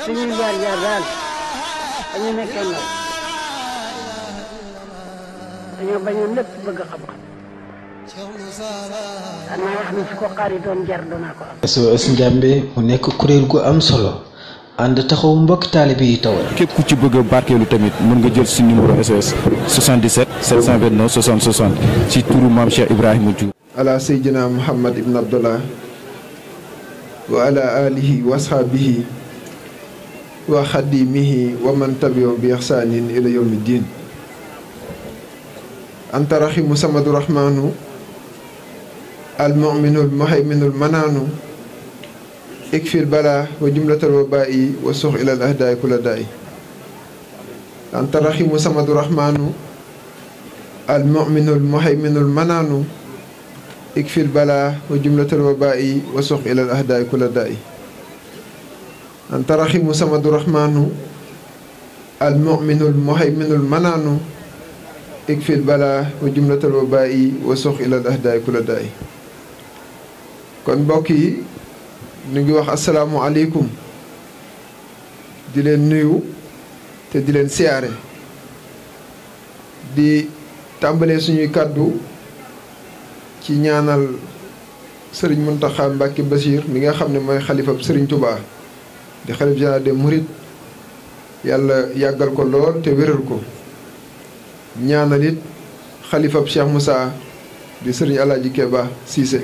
suñu jaar jaar daal dañu nekkee ndaw mu nekk kuréel gu am solo ànd taxaw mbokk taalibe yi tawal. képp ku ci bëgg a barkeelu tamit mën nga jël si numéro SOS 77 729 60 ci turu maam Cheikh Ibrahima Diouf. ala sayyidina Muhammad ibn Abdullah wa ala alihi wa ashabihi wa xadimihi wa man tabi'ahum bi ihsanin ila yawmi diin anta rahimu samadu rahmanu almuminul muhayminul manaanu ikfil balaa wa jumlatal wabaa'i wa sux ilal ahdaay kula daay anta rahimu samadu rahmanu almuminul muhayminul manaanu ikfil balaa wa jumlatal wabaa'i wa sux ilal ahdaay kula daay antara himu sama durahmanu al muminul al muhaimin mananu ikfi bala wa jumlat al wabai wa sukh ila al ahdai kul kon bokki ni ngi wax assalamu alaykum di len nuyu te di len siare di tambale suñuy kaddu ci ñaanal serigne muntaha mbacke basir mi nga xamne moy khalifa serigne touba di xalif général des yàlla yàggal ko lool te wéral ko ñaanal it Cheikh Moussa di sëriñ Alaaji Keba Cissé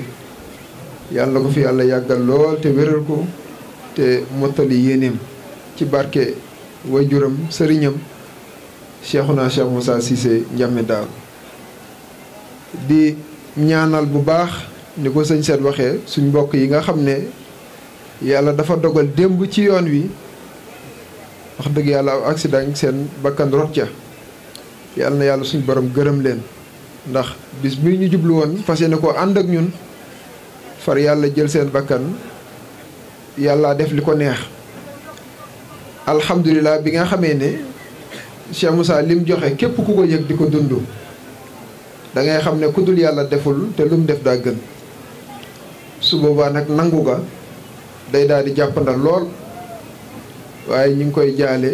yàlla ko fi yàlla yàggal lool te wéral ko te mottali yéeneem ci barke waajuram sëriñam Cheikhuna Cheikh Moussa Cissé njàmme daaw di ñaanal bu baax ni ko sëñ seet waxee suñ mbokk yi nga xam ne yalla dafa dogal dembu ci yoon wi wax deug yalla accident sen bakkan rot ca yalla na yalla suñu borom gëreem leen ndax bis mi ñu jublu won fasiyene ko and ak ñun far yalla jël sen bakkan yalla def liko neex alhamdullilah bi nga xamé ne Cheikh Moussa lim joxe képp ku ko yegg diko dundu da ngay ne yalla deful te lum def da gën su boba nak nanguga day daal di jàppandal lool waaye ñu ngi koy jaale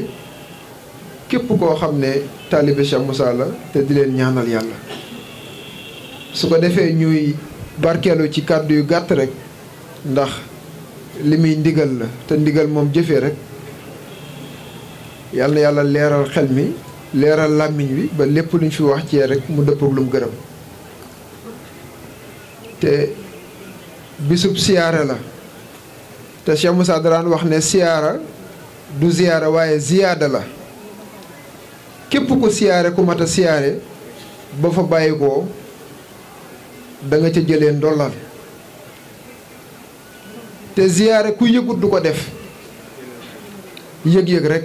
képp koo xam ne taalibe Cheikh Moussa la te di leen ñaanal yàlla su ko defee ñuy barkeelu ci kàddu yu gàtt rek ndax li muy ndigal la te ndigal moom jëfee rek yàlla na yàlla leeral xel mi leeral làmmiñ wi ba lépp lu luñ fi wax cee rek mu dëppog lu mu gërëm te bisub siyaare la te Cheikh Moussa daraan wax ne siyaara du ziyaara waaye ziyaada la képp ku siyaare ku mata a siyaare ba fa bàyyi ko da ca jëlee ndollal te ziyaare ku yëgut du ko def yëg-yëg rek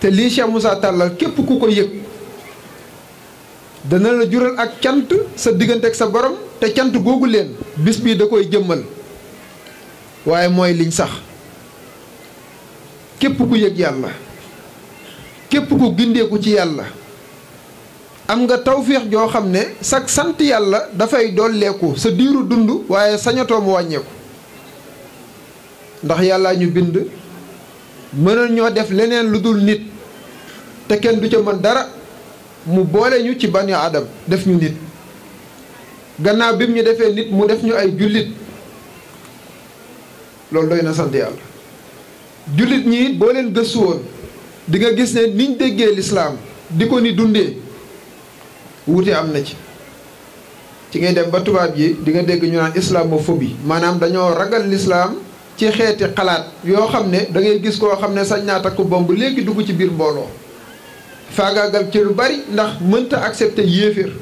te lii Cheikh Moussa tàllal képp ku ko yëg dana la jural ak cant sa diggante ak sa borom te cant googu leen bis bii da koy jëmmal waaye mooy liñ sax képp ku yëg yàlla képp ku gindeeku ci yàlla am nga tawféex joo xam ne sag sant yàlla dafay dolleeku sa diiru dund waaye sañatoo mu wàññeeku ndax yàlla ñu bind mënal ñoo def leneen lu dul nit te kenn du ca mën dara mu boole ñu ci bani aadam def ñu nit gannaaw bi mu ñu defee nit mu def ñu ay jullit loolu doy na sant yàlla jullit ñi boo leen gëstu woon di nga gis ne niñ déggee lislaam di ko ni dundee wuute am na ci ci ngay dem ba tubaab yi di nga dégg ñu naan islamophobie maanaam dañoo ragal lislaam ci xeeti xalaat yoo xam ne dangay gis koo xam ne sañ naa takk bomb léegi dugg ci biir mbooloo faagaagal ci lu bari ndax mënta accepter yéeféer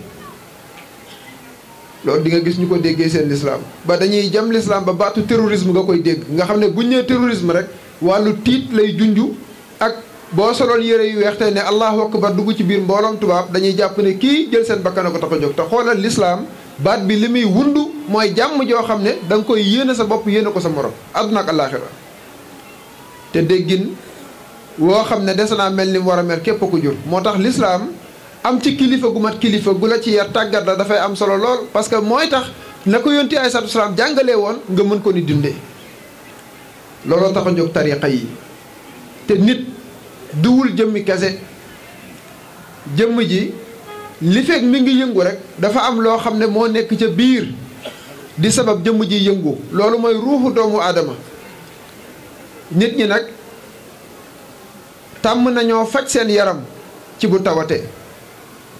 loolu di nga gis ñuko déggé sen seen ba dañuy jam l'islam ba baatu terrorisme nga koy dégg nga xamné bu ñëw terrorisme rek walu tiit lay junju ak bo soloon yére yu wéx ne allahu akbar duggu ci bir mbolom tubab dañuy japp ne ki jël sen bakana ko tax a jóg te baat bi li wundu moy jam jo xamné ne koy yéne sa bop yéne ko sa morom aduna ak te déggin wo xamné ne dese naa mel ni képp ko jur motax l'islam am ci kilifa gu mat kilifa gu la ci yar tàggat dafay am solo lool parce que mooy tax na ko yonti ay salaatu jàngale woon nga mën ko ni dundee looloo tax a jóg yi te nit duwul jëmmi kese jëmm ji li fekk mi ngi yëngu rek dafa am loo xam ne moo nekk ca biir di sabab jëmm ji yëngu loolu mooy ruuxu doomu aadama nit ñi nag tàmm nañoo faj seen yaram ci bu tawatee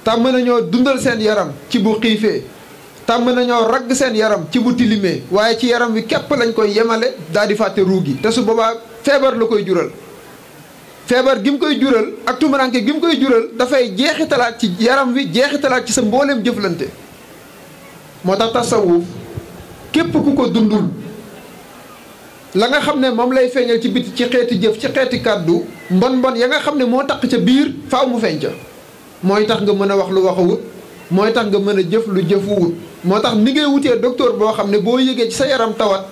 tam nañu dundal seen yaram ci bu xiifee tam nañu rag seen yaram ci bu tilimee waaye ci yaram wi kep lañ koy yemale daal di fàtte ruug yi su boba feebar la koy jural feebar gim koy jural ak tumuranke gim koy jural fay jéxitalat ci yaram wi jéxitalat ci sa mbolém jëflanté moo tasawuf kep ku ko dundul la nga xam mom lay feeñal ci biti ci xeeti jëf ci xeeti kaddu mbon mbon ya nga xam mo tak ci bir faaw mu mooy tax nga mën a wax lu waxawut mooy tax nga mën a jëf lu jëfuwut moo tax ni ngay wutee docteur boo xam ne boo yëgee ci sa yaram tawat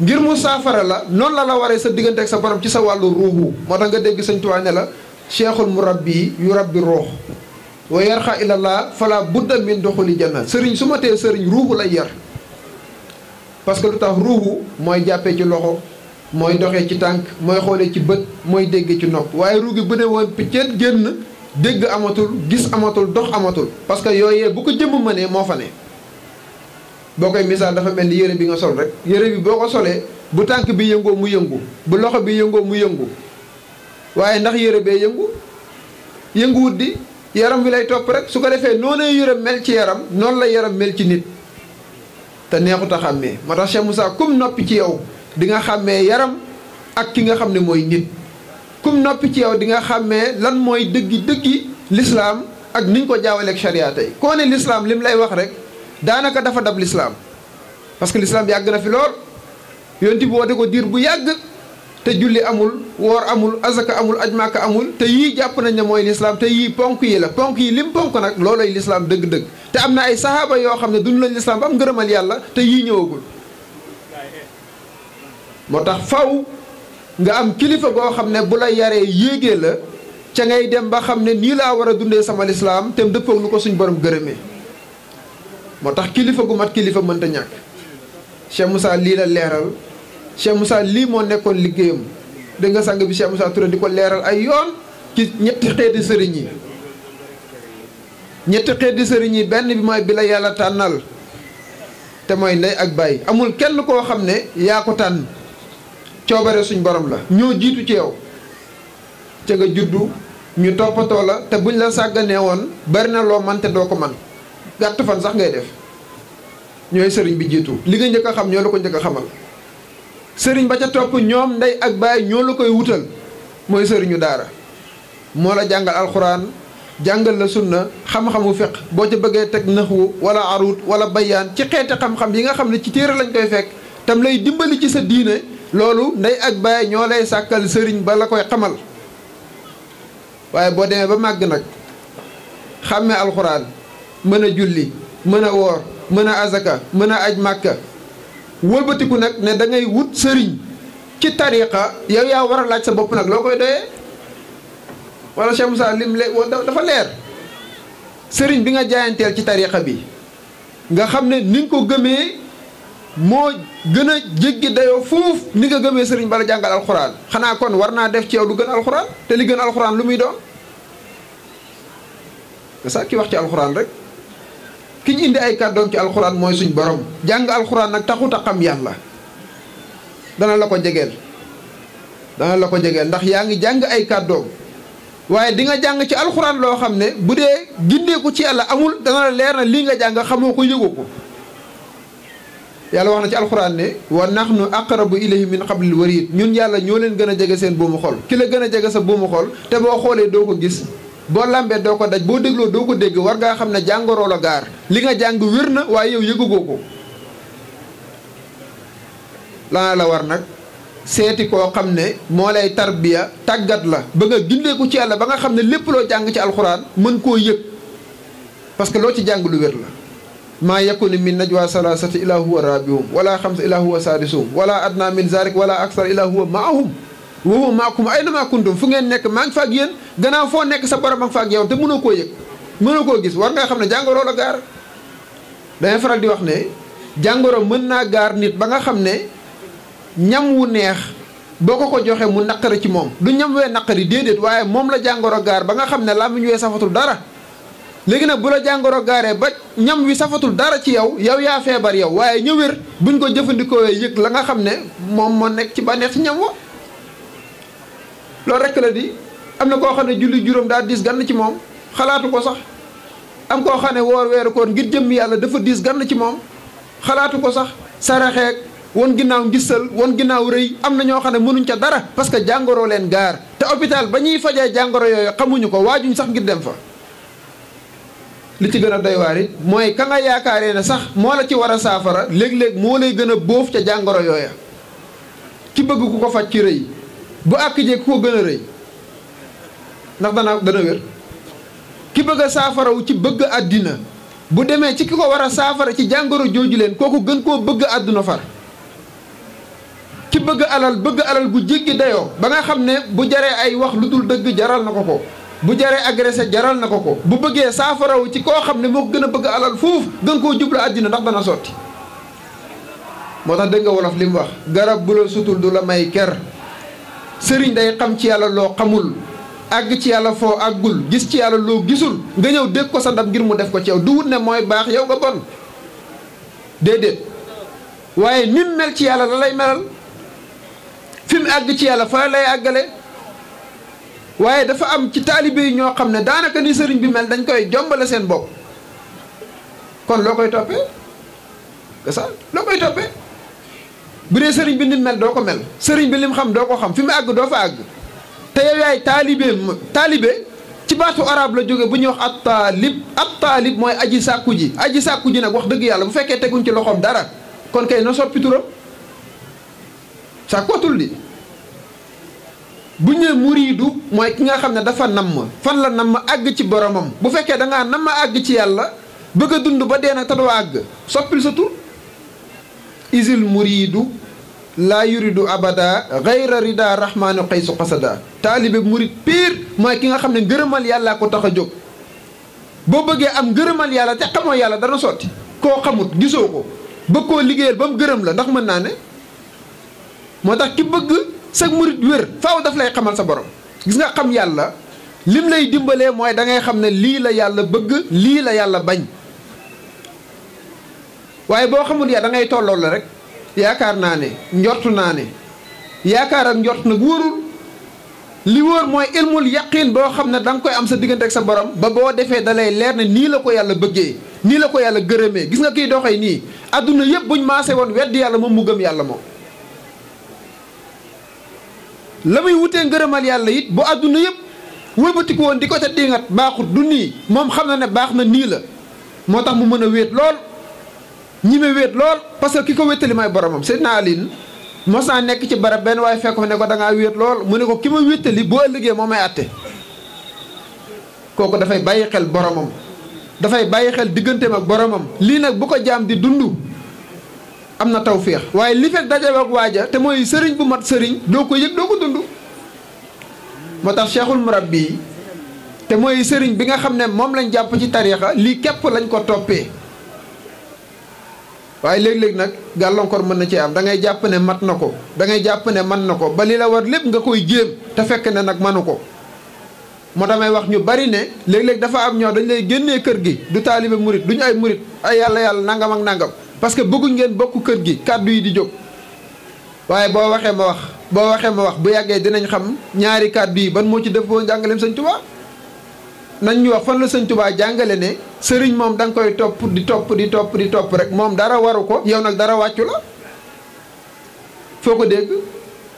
ngir mu saafara la noonu la la waree sa diggante ak sa borom ci sa wàllu ruuxu moo tax nga dégg sëñ la ne mu cheikhul murabbi yu rabbi ruux wa yarxa ilallah fala budda min doxuli janna sëriñ su ma tee sëriñ ruuxu lay yar parce que lu tax ruuxu mooy jàppee ci loxo mooy doxee ci tànk mooy xoolee ci bët mooy déggee ci nopp waaye ruugi bu woon piccet génn dégg amatul gis amatul dox amatul parce que yooyee bu ko jëmm mënee moo fa ne boo koy misaal dafa mel ni yére bi nga sol rek yére bi boo ko solee bu tànk bi yëngoo mu yëngu bu loxo bi yëngoo mu yëngu waaye ndax yére bee yëngu yënguwut di yaram wi lay topp rek su ko defee noonu yére mel ci yaram noonu la yaram mel ci nit te neexut a xàmmee moo tax Cheikh Moussa kum noppi ci yow di nga xàmmee yaram ak ki nga xam ne mooy nit kum noppi ci yow dinga nga xàmmee lan mooy dëggi dëggi lislaam ak niñ ko jaawaleeg sharia tey koo ne lislaam lim lay wax rek daanaka dafa dab lislaam parce que lislaam yàgg na fi lool yonent bi woote ko diir bu yàgg te julli amul woor amul azaka amul ajmaka amul te yii jàpp nañ ne mooy lislaam te yii ponk yi la ponk yi lim ponk nag looloy lislaam dëgg-dëgg te am na ay sahaaba yoo xam ne dund lañ lislaam ba am ngërëmal yàlla te yii ñëwagul nga am kilifa goo xam ne bu la yaree yéegee la ca ngay dem ba xam ne nii laa war a dundee sama lislaam te dëppoog nu ko suñ borom gërëmee moo tax kilifa gu mat kilifa mënta ñàkk Cheikh Moussa lii la leeral Cheikh Moussa lii moo nekkoon liggéeyam dégg nga sang bi Cheikh Moussa di ko leeral ay yoon ci ñetti xeeti sëriñ yi ñetti xeeti sëriñ yi benn bi mooy bi la yàlla tànnal te mooy ndey ak bàyyi amul kenn koo xam ne yaa ko tànn coobare suñ borom la ñoo jiitu ci yow ca nga juddu ñu toppatoo la te buñ la sàgganee woon bari na loo man te doo ko man gàtt fan sax ngay def ñooy sëriñ bi jiitu li nga njëkk a xam ñoo la ko njëkk a xamal sëriñ ba ca topp ñoom ndey ak baay ñoo la koy wutal mooy sëriñu daara moo la jàngal alxuraan jàngal la sunna xam-xamu fiq boo ca bëggee teg naxwu wala aruut wala bayaan ci xeeti xam-xam yi nga xam ne ci téere lañ koy fekk tam lay dimbali ci sa diine loolu ndey ak baay ñoo lay sàkkal sëriñ ba la koy xamal waaye boo demee ba màgg nag xàmme alxuraan mën a julli mën a woor mën a asaka mën a aj màkka wëlbatiku nag ne dangay wut sëriñ ci tariqa yow yaa war a laaj sa bopp nag loo koy doyee wala Cheikh Moussa lim le dafa leer sëriñ bi nga jaayanteel ci tariqa bi nga xam ne ni ko gëmee moo gën a jéggi dayoo foofu ni nga gëmee sëriñ bala jàngal alxuraan xanaa kon war naa def ci yow lu gën alxuraan te li gën alxuraan lu muy doon nga sax ki wax ci alxuraan rek ki ñu indi ay kàddoom ci alxuraan mooy suñ borom jàng alxuraan nag taxut a xam yàlla dana la ko jegeel dana la ko jegeel ndax yaa ngi jàng ay kàddoom waaye di nga jàng ci alxuraan loo xam ne bu dee gindeeku ci yàlla amul dana la leer na lii nga jàng xamoo ko yëgu ko yàlla wax na ci alxuraan ne wa nahnu aqrabu ilayhi min war warid ñun yàlla ñoo leen gën a jege seen buumu xol ki la gën a jege sa buumu xol te boo xoolee doo ko gis boo làmbee doo ko daj boo dégloo doo ko dégg war ngaa xam ne jàngoroo la gaar li nga jàng wér na waaye yow yëgugoo ko lana la war nag seeti koo xam ne moo lay tarbiya tàggat la ba nga gindeeku ci yàlla ba nga xam ne lépp loo jàng ci alxuraan mën koo yëg parce que loo ci jàng lu wér la ma yakuna min najwa salasati illa huwa rabihum wala khamsa illa huwa sadisuhum wala adna min zarik wala akthar illa huwa ma'ahum wa huwa ma'akum ayna ma kuntum fu ngeen nek ma ngi fa ak yeen gëna fo nek sa borom mang fa ak yow te mëno ko yek mëno ko gis war nga xamne jangoro la gar da ngay faral di wax ne jangoro mën gar nit ba nga xamne ñam wu neex boko ko joxe mu nakara ci mom du ñam wé nakari dedet waye mom la jangoro gar ba nga xamne la ñu safatu dara léegi nag bu la jàngoro gaaree ba ñam wi safatul dara ci yow yow yaa feebar yow waaye ñu wér buñ ko jëfandikoo yëg la nga xam ne moom moo nekk ci bànneex ci ñam wa loolu rek la di am na koo xam ne julli juróom daa diis gann ci moom xalaatu ko sax am koo xam ne woor weeru koor ngir jëm yàlla dafa diis gann ci moom xalaatu ko sax saraxeeg won ginnaaw ngissal won ginnaaw rëy am na ñoo xam ne mënuñ ca dara parce que jàngoro leen gaar te hôpital ba ñuy fajee jàngoro yooyu xamuñu ko waajuñ sax ngir dem fa li ci gën a doy waar it mooy ka nga yaakaaree ne sax moo la ci war a saafara léeg-léeg moo lay gën a bóof ca jàngoro yooya ki bëgg ku ko faj ci rëy bu àkk jee ku ko gën a rëy ndax dana dana wér ki bëgg a saafarawu ci bëgg àddina bu demee ci ki ko war a saafara ci jàngoro jooju leen kooku gën koo bëgg àdduna far ki bëgg alal bëgg alal gu jéggi dayoo ba nga xam ne bu jaree ay wax lu dul dëgg jaral na ko ko bu jaree agressé jaral nako ko ko bu bëggee saafarawu ci ko xamné mo gëna bëgg alal fuf gën ko jublu adina ndax dana soti motax de nga wolof lim wax garab bu lo sutul du la may ker serigne day xam ci yalla lo xamul ag ci yalla fo agul gis ci yalla lo gisul nga ñew dégg ko sa ndam ngir mu def ko ci yow du wut ne yow nga bon dede waye nim mel ci yalla la lay melal fim ag ci yalla fa lay agale waaye dafa am ci taalibe yi ñoo xam ne daanaka ni sëriñ bi mel dañ koy jombale seen bopp kon loo koy toppee que loo koy toppee bu dee sëriñ bi ni mel doo ko mel sëriñ bi lim xam doo ko xam fi mu àgg doo fa àgg te yow yaay taalibe taalibe ci baatu arab la jóge bu ñuy wax ab taalib ab taalib mooy aji sàkku ji aji sàkku ji nag wax dëgg yàlla bu fekkee teguñ ci loxoom dara kon kay na soppi turam sàkkootul di bu ñu nee muriidu mooy ki nga xam ne dafa namm fan la namm àgg ci boromam bu fekkee dangaa ngaa namm àgg ci yàlla bëgg dund ba dee nag te doo àgg soppil sa tur isil muriidu laa yuridu abada gayra rida rahmaani xaysu xasada taalibe murid piir mooy ki nga xam ne ngërëmal yàllaa ko tax a jóg boo bëggee am ngërëmal yàlla te xamoo yàlla dana sotti koo xamut gisoo ko bëgg koo liggéeyal ba mu gërëm la ndax mën naa ne moo tax ki bëgg sag murit wér faaw daf lay xamal sa borom gis nga xam yàlla lim lay dimbalee mooy da ngay xam ne lii la yàlla bëgg lii la yàlla bañ waaye boo xamul yaa da ngay tolloo la rek yaakaar naa ne njortu naa ne yaakaar ak njort na wóorul li wóor mooy ilmul yaqiin boo xam ne danga koy am sa diggante ak sa borom ba boo defee da leer ne nii la ko yàlla bëggee nii la ko yàlla gërëmee gis nga kiy doxee nii àdduna yëpp buñ maase woon weddi yàlla moom mu gëm yàlla moom la muy wutee ngërëmal yàlla it bu àdduna yëpp wëlbatiku woon di ko ca dingat baaxut du nii moom xam na ne baax na nii la moo tax mu mën a wéet lool ñime wéet lool parce que ki ko wéttali may boromam Seydina Alioune mos naa nekk ci barab benn waaye fekk fa ne ko da ngaa wéet lool mu ne ko ki ma wéttali boo ëllëgee moo may àtte kooku dafay bàyyi xel boromam dafay bàyyi xel digganteem ak boromam lii nag bu ko jaam di dund am na tawféex waaye li fekk daje mat sëriñ motax cheikhul murabbi te moy sëriñ bi nga xam ne moom lañ jàpp ci tariixa li képp lañ ko toppee waaye léeg-léeg nag gàllankoor mën na ci am da ngay japp ne mat nako da ngay japp ne man nako ba lila war lépp nga koy jëm te fekk ne nak manuko mo moo damay wax ñu bari ne léeg-léeg dafa am ñoo dañ lay génnee kër gi du talibé mourid duñ ay mourid ay yalla yalla nangam ak nangam parce que bëggu ngeen bokku kër gi kaddu yi di jóg waye bo waxe ma wax boo waxee ma wax bu yàggee dinañ xam ñaari kàddu yi ban moo ci def boo jàngaleem sëñ Tuubaa nañ ñu wax fan la sëñ Tuubaa jàngale ne sëriñ moom danga koy topp di topp di topp di topp rek moom dara waru ko yow nag dara wàccu la foo ko dégg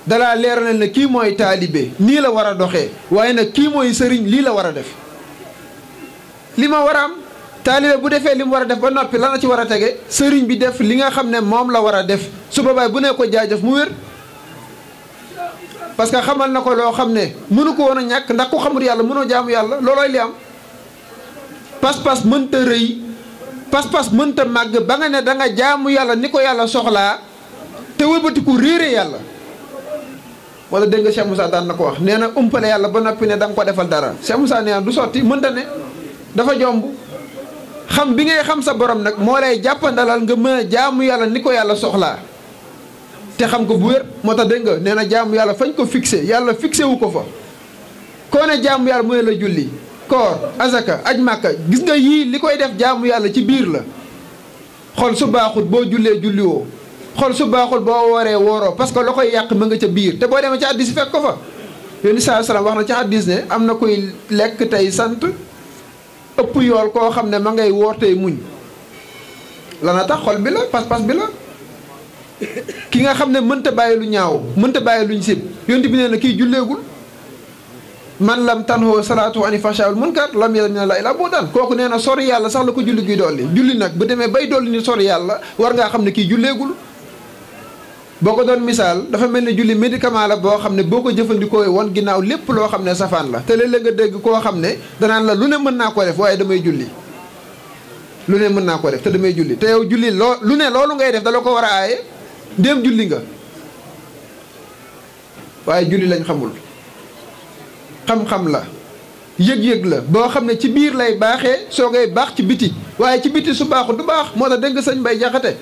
dalaa leeral ne kii mooy taalibe nii la war a doxee waaye nag kii mooy sëriñ lii la war a def li ma war a am taalibe bu defee li mu war a def ba noppi lan la ci war a tege sëriñ bi def li nga xam ne moom la war a def su boobaa bu ko jaajëf mu wér parce que xamal nako lo xamne munu ne ko wona ñak ndax ko xamul yalla munu jaamu yalla loloy li am pas-pas reuy pass pas-pas mënta mag ba nga ne da nga jaamu yalla niko yalla soxla te wëbëti ku rëré yalla wala de nga Cheikh Moussa dan na wax neena umpale ba nopi ne da ko defal dara Cheikh Moussa du soti mën ne dafa jomb xam bi ngay xam sa borom nak mo lay jappandalal nga ma jaamu yalla niko yalla soxla te xam ko bu wér moo tax dégg nga nee na jaamu yàlla fañ ko fixé yàlla fixé wu ko fa koo ne jaamu yàlla mooy la julli koor azaka aj màkka gis nga yii li koy def jaamu yàlla ci biir la xol su baaxut boo jullee julliwoo xol su baaxul boo wooree wooroo parce que la koy yàq ma nga ca biir te boo demee ci hadiis fekk ko fa yéen saa salaam wax na ci hadiis ne am na koy lekk tey sant ëpp yool koo xam ne ma ngay woor tey muñ lana tax xol bi la bi la ki nga xam ne mënta bàyyi lu ñaaw mënta bàyyi luñ sib yonent bi nee na kii julleegul man lam tanhoo salaatu ani fashaa'il munkar lam yal mina la ilaa boo daan kooku nee na sori yàlla sax la ko julli gi dolli julli nag bu demee bay dolli ni sori yàlla war ngaa xam ne kii julleegul boo ko doon misaal dafa mel ni julli médicament la boo xam ne boo ko jëfandikoo wan ginnaaw lépp loo xam ne safaan la te léeg nga dégg koo xam ne danaan la lu ne mën naa ko waaye damay julli lu mën naa ko def te damay julli te yow julli ngay def da ko war ndéem julli nga waaye julli lañ xamul xam-xam la yëg-yëg la boo xam ne ci biir lay baaxee soo ngay baax ci biti waaye ci biti su baaxu du baax moo tax dégg sëñ Bay Jaxate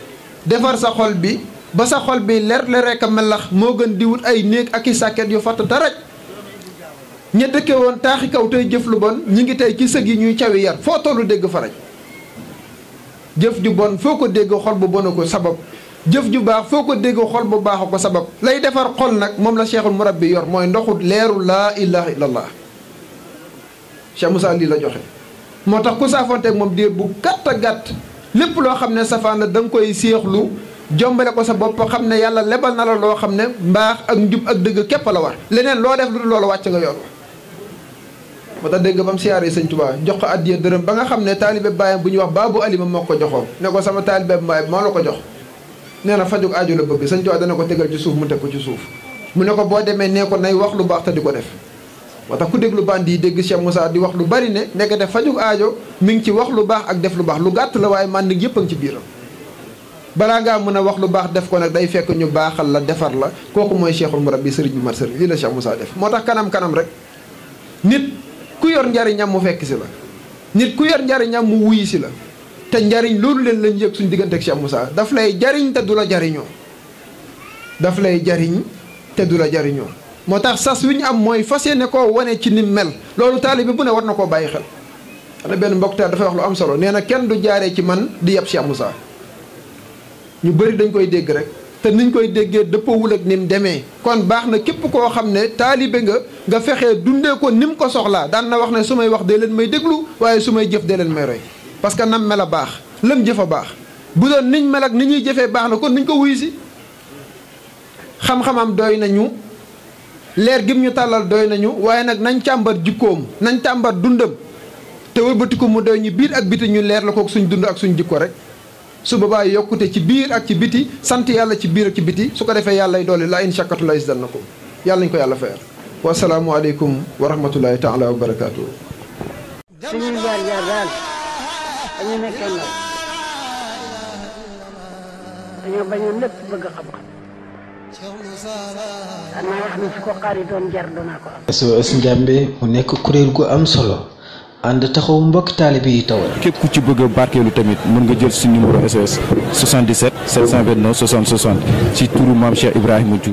defar sa xol bi ba sa xol bi leer la rek a moo gën di wut ay néeg ak i sàkket yu fatt taraj ña dëkke woon taaxi kaw tey jëf lu bon ñi ngi tey ci sëg yi ñuy cawi yar foo tollu dégg faraj jëf ju bon foo ko dégg xol bu bon a ko sabab jëf ju baax foo ko dégg xol bu baax ko sabab lay defar xol nag moom la cheikhul murabbi yor mooy ndoxu leeru la ilaha illallah cheikh Moussa lii la joxe moo tax ku saafonteeg moom diir bu gàtt a gàtt lépp loo xam ne safaan la da nga koy séexlu jombale ko sa bopp xam ne yàlla lebal na la loo xam ne mbaax ak njub ak dëgg képp la war leneen loo def lu dul loolu wàcc nga yoon wa moo tax dégg ba mu siyaaree sëñ Tuubaa jox ko addiya dërëm ba nga xam ne taalibe baayam bu ñuy wax baabu alima moo ko joxoon ne ko sama taalibe baay moo la ko jox nee na fajug aajo la bëgg sëñ Tuubaa dana ko tegal ci suuf mu teg ko ci suuf mu ne ko boo demee nee ko nay wax lu baax te di ko def moo tax ku déglu band yi dégg Cheikh Moussa di wax lu bari ne nekk def fajug aajo mi ngi ci wax lu baax ak def lu baax lu gàtt la waaye man yëpp a ngi ci biiram balaa ngaa mën a wax lu baax def ko nag day fekk ñu baaxal la defar la kooku mooy cheikhul bi sëriñ bu mat sëriñ lii la Cheikh Moussa def moo tax kanam-kanam rek nit ku yor njariñam mu fekk si la nit ku yor njariñam mu wuy la te njariñ loolu leen lañ yëg suñu diggante ak Cheikh Moussa daf lay jariñ te du la jariñoo daf lay jariñ te du la jariñoo moo tax sas wi ñu am mooy fas ne ko wane ci ni mel loolu taalibe bu ne war na koo bàyyi xel ana benn mbokk taal dafay wax lu am solo nee na kenn du jaaree ci man di yab Cheikh Moussa ñu bëri dañ koy dégg rek te niñ koy déggee dëppawul ak ni demee kon baax na képp koo xam ne taalibe nga nga fexee dundee ko ni mu ko soxlaa daan na wax ne su may wax dee leen may déglu waaye su may jëf dee leen may parce que nam mel baax lam jëf a baax bu doon niñ mela ak ni ñuy jëfee baax na kon niñ ko wuyu si xam-xamam doy nañu leer gim ñu tàllal doy nañu waaye nag nañ càmbar jikkoom nañ càmbar dundam te wëlbatiku mu doy ñi biir ak biti ñu leer la kook suñ dund ak suñ jikko rek su boobaa yokkute ci biir ak ci biti sant yàlla ci biir ak ci biti su ko defee yàlla doole la in shakkatu la isdan na ko yàlla ñu ko yàlla fayal wasalaamualeykum wa rahmatullahi taala wa barakaatu. suñuy jaar dañu nekkee SOS Ndiamé mu nekk kuréel gu am solo ànd taxaw mbokk taalibe yi tawal képp ku ci bëgg a barkeelu tamit mun nga jël si numéro SOS 77 729 60 ci turu maam Cheikh Ibrahima Diouf